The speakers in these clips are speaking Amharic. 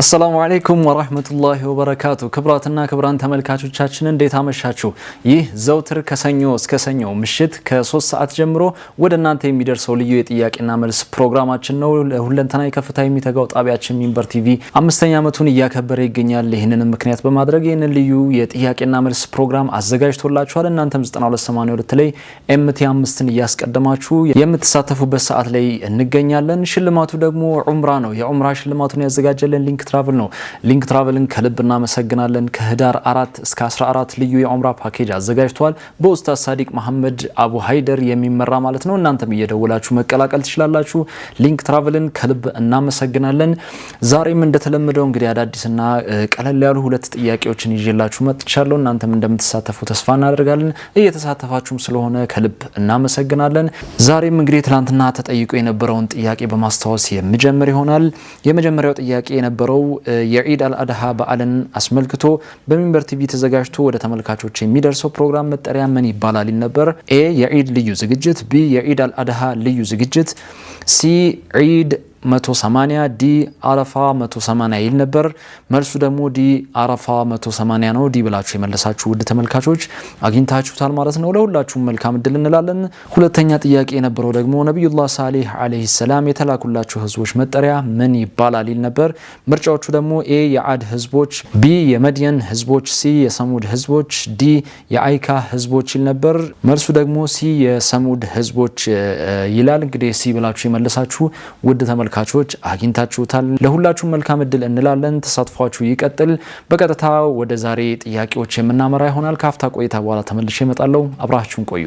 አሰላሙ አለይኩም ወራህመቱላሂ ወበረካቱ። ክብራትና ክብራን ተመልካቾቻችን እንዴት አመሻችሁ? ይህ ዘውትር ከሰኞ እስከ ሰኞ ምሽት ከሶስት ሰዓት ጀምሮ ወደ እናንተ የሚደርሰው ልዩ የጥያቄና መልስ ፕሮግራማችን ነው። ለሁለንተናዊ ከፍታ የሚተጋው ጣቢያችን ሚንበር ቲቪ አምስተኛ ዓመቱን እያከበረ ይገኛል። ይህንን ምክንያት በማድረግ ይህንን ልዩ የጥያቄና መልስ ፕሮግራም አዘጋጅቶላችኋል። እናንተም 9282 ላይ ኤምቲ አምስትን እያስቀደማችሁ የምትሳተፉበት ሰዓት ላይ እንገኛለን። ሽልማቱ ደግሞ ዑምራ ነው። የዑምራ ሽልማቱን ያዘጋጀልን ሊንክ ትራቨል ነው። ሊንክ ትራቨልን ከልብ እናመሰግናለን። ከህዳር አራት እስከ 14 ልዩ የኦምራ ፓኬጅ አዘጋጅተዋል። በኡስታዝ ሳዲቅ መሐመድ አቡ ሀይደር የሚመራ ማለት ነው። እናንተም እየደወላችሁ መቀላቀል ትችላላችሁ። ሊንክ ትራቭልን ከልብ እናመሰግናለን። ዛሬም እንደተለመደው እንግዲህ አዳዲስና ቀለል ያሉ ሁለት ጥያቄዎችን ይዤላችሁ መጥቻለሁ። እናንተም እንደምትሳተፉ ተስፋ እናደርጋለን። እየተሳተፋችሁም ስለሆነ ከልብ እናመሰግናለን። ዛሬም እንግዲህ ትናንትና ተጠይቆ የነበረውን ጥያቄ በማስታወስ የሚጀምር ይሆናል። የመጀመሪያው ጥያቄ የነበረው የነበረው የዒድ አልአድሃ በዓልን አስመልክቶ በሚንበር ቲቪ ተዘጋጅቶ ወደ ተመልካቾች የሚደርሰው ፕሮግራም መጠሪያ ምን ይባላል ይል ነበር። ኤ የዒድ ልዩ ዝግጅት፣ ቢ የዒድ አልአድሃ ልዩ ዝግጅት፣ ሲ ዒድ 180 ዲ አረፋ 180 ይል ነበር። መልሱ ደግሞ ዲ አረፋ 180 ነው። ዲ ብላችሁ የመለሳችሁ ውድ ተመልካቾች አግኝታችሁታል ማለት ነው። ለሁላችሁም መልካም እድል እንላለን። ሁለተኛ ጥያቄ የነበረው ደግሞ ነቢዩላህ ሳሌህ ዓለይሂ ሰላም የተላኩላቸው ህዝቦች መጠሪያ ምን ይባላል ይል ነበር። ምርጫዎቹ ደግሞ ኤ የአድ ህዝቦች፣ ቢ የመድየን ህዝቦች፣ ሲ የሰሙድ ህዝቦች፣ ዲ የአይካ ህዝቦች ይል ነበር። መልሱ ደግሞ ሲ የሰሙድ ህዝቦች ይላል። እንግዲህ ሲ ብላችሁ የመለሳችሁ ውድ ተመልካ ተመልካቾች አግኝታችሁታል። ለሁላችሁም መልካም እድል እንላለን። ተሳትፏችሁ ይቀጥል። በቀጥታ ወደ ዛሬ ጥያቄዎች የምናመራ ይሆናል። ከአፍታ ቆይታ በኋላ ተመልሼ እመጣለሁ። አብራችሁን ቆዩ።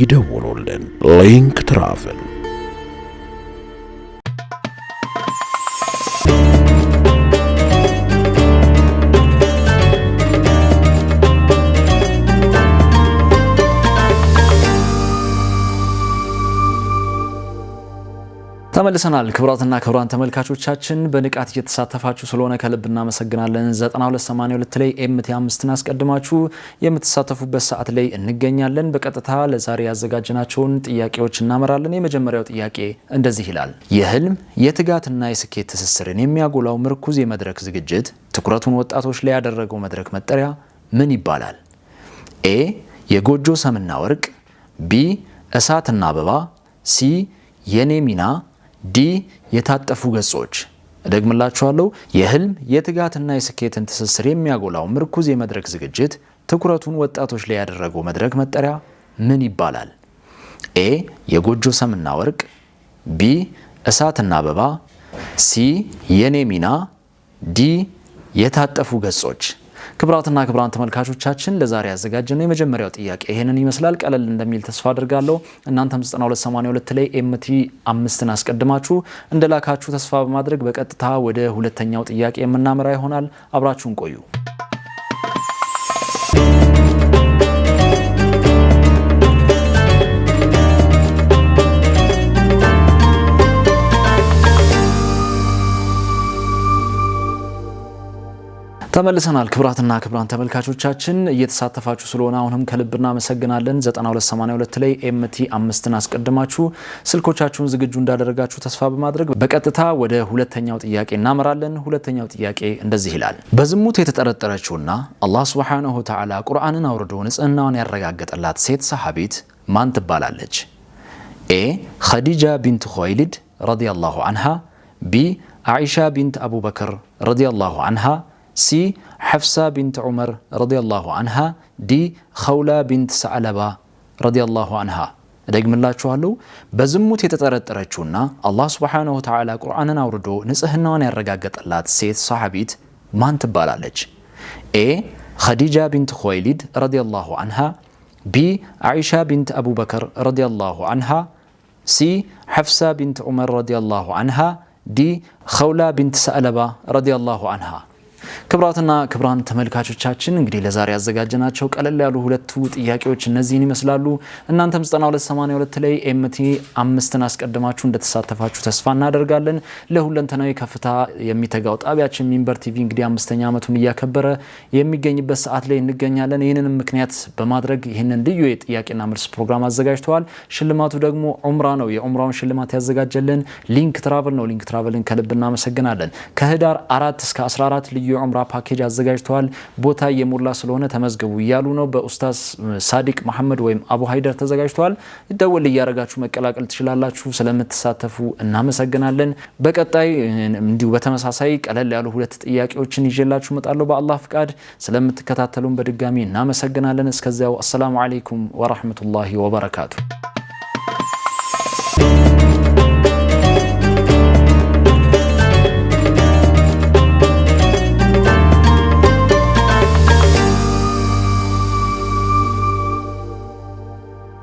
ይደውሉልን። ሊንክ ትራቭል ተመልሰናል። ክቡራትና ክቡራን ተመልካቾቻችን በንቃት እየተሳተፋችሁ ስለሆነ ከልብ እናመሰግናለን። 9282 ላይ ኤምቲ አምስትን አስቀድማችሁ የምትሳተፉበት ሰዓት ላይ እንገኛለን። በቀጥታ ለዛሬ ያዘጋጅናቸውን ጥያቄዎች እናመራለን። የመጀመሪያው ጥያቄ እንደዚህ ይላል። የህልም የትጋትና የስኬት ትስስርን የሚያጎላው ምርኩዝ የመድረክ ዝግጅት ትኩረቱን ወጣቶች ላይ ያደረገው መድረክ መጠሪያ ምን ይባላል? ኤ የጎጆ ሰምና ወርቅ፣ ቢ እሳትና አበባ፣ ሲ የኔ ሚና ዲ የታጠፉ ገጾች እደግምላችኋለሁ። የህልም የትጋትና የስኬትን ትስስር የሚያጎላው ምርኩዝ የመድረክ ዝግጅት ትኩረቱን ወጣቶች ላይ ያደረገው መድረክ መጠሪያ ምን ይባላል? ኤ የጎጆ ሰምና ወርቅ፣ ቢ እሳትና አበባ፣ ሲ የኔ ሚና፣ ዲ የታጠፉ ገጾች ክብራትና ክብራን ተመልካቾቻችን ለዛሬ ነው የመጀመሪያው ጥያቄ ይህንን ይመስላል። ቀለል እንደሚል ተስፋ አድርጋለሁ። እናንተም 9282 ላይ ኤምቲ አምስትን አስቀድማችሁ እንደላካችሁ ተስፋ በማድረግ በቀጥታ ወደ ሁለተኛው ጥያቄ የምናመራ ይሆናል። አብራችሁን ቆዩ። ተመልሰናል። ክብራትና ክብራን ተመልካቾቻችን እየተሳተፋችሁ ስለሆነ አሁንም ከልብ እናመሰግናለን። 9282 ላይ ኤምቲ አምስትን አስቀድማችሁ ስልኮቻችሁን ዝግጁ እንዳደረጋችሁ ተስፋ በማድረግ በቀጥታ ወደ ሁለተኛው ጥያቄ እናመራለን። ሁለተኛው ጥያቄ እንደዚህ ይላል። በዝሙት የተጠረጠረችውና አላህ ሱብሓነሁ ወተዓላ ቁርአንን አውርዶ ንጽህናዋን ያረጋገጠላት ሴት ሰሓቢት ማን ትባላለች? ኤ ኸዲጃ ቢንት ኹወይሊድ ረዲየላሁ አንሃ፣ ቢ አኢሻ ቢንት አቡበክር ረዲየላሁ አንሃ ሲ ሐፍሳ ቢንት ዑመር ረዲየላሁ አንሃ፣ ዲ ኸውላ ቢንት ሰዕለባ ረዲየላሁ አንሃ። እደግምላችኋለሁ። በዝሙት የተጠረጠረችውና አላህ ሱብሓነሁ ወተዓላ ቁርአንን አውርዶ ንጽህናዋን ያረጋገጠላት ሴት ሰሓቢት ማን ትባላለች? ኤ ኸዲጃ ቢንት ኹወይሊድ ረዲየላሁ አንሃ፣ ቢ አይሻ ቢንት አቡበከር ረዲየላሁ አንሃ፣ ሲ ሐፍሳ ቢንት ዑመር ረዲየላሁ አንሃ፣ ዲ ኸውላ ቢንት ሰዕለባ ረዲየላሁ አንሃ። ክብራትና ክብራን ተመልካቾቻችን እንግዲህ ለዛሬ ያዘጋጀናቸው ቀለል ያሉ ሁለቱ ጥያቄዎች እነዚህን ይመስላሉ። እናንተም 9282 ላይ ኤምቲ አምስትን አስቀድማችሁ እንደተሳተፋችሁ ተስፋ እናደርጋለን። ለሁለንተናዊ ከፍታ የሚተጋው ጣቢያችን ሚንበር ቲቪ እንግዲህ አምስተኛ ዓመቱን እያከበረ የሚገኝበት ሰዓት ላይ እንገኛለን። ይህንንም ምክንያት በማድረግ ይህንን ልዩ የጥያቄና መልስ ፕሮግራም አዘጋጅተዋል። ሽልማቱ ደግሞ ዑምራ ነው። የዑምራውን ሽልማት ያዘጋጀልን ሊንክ ትራቭል ነው። ሊንክ ትራቨልን ከልብ እናመሰግናለን። ከህዳር አራት እስከ 14 ልዩ የዑምራ ፓኬጅ አዘጋጅተዋል። ቦታ የሞላ ስለሆነ ተመዝግቡ እያሉ ነው። በኡስታዝ ሳዲቅ መሐመድ ወይም አቡ ሀይደር ተዘጋጅተዋል። ደወል እያደረጋችሁ መቀላቀል ትችላላችሁ። ስለምትሳተፉ እናመሰግናለን። በቀጣይ እንዲሁ በተመሳሳይ ቀለል ያሉ ሁለት ጥያቄዎችን ይዤላችሁ እመጣለሁ በአላህ ፍቃድ። ስለምትከታተሉን በድጋሚ እናመሰግናለን። እስከዚያው አሰላሙ አለይኩም ወራህመቱላሂ ወበረካቱ።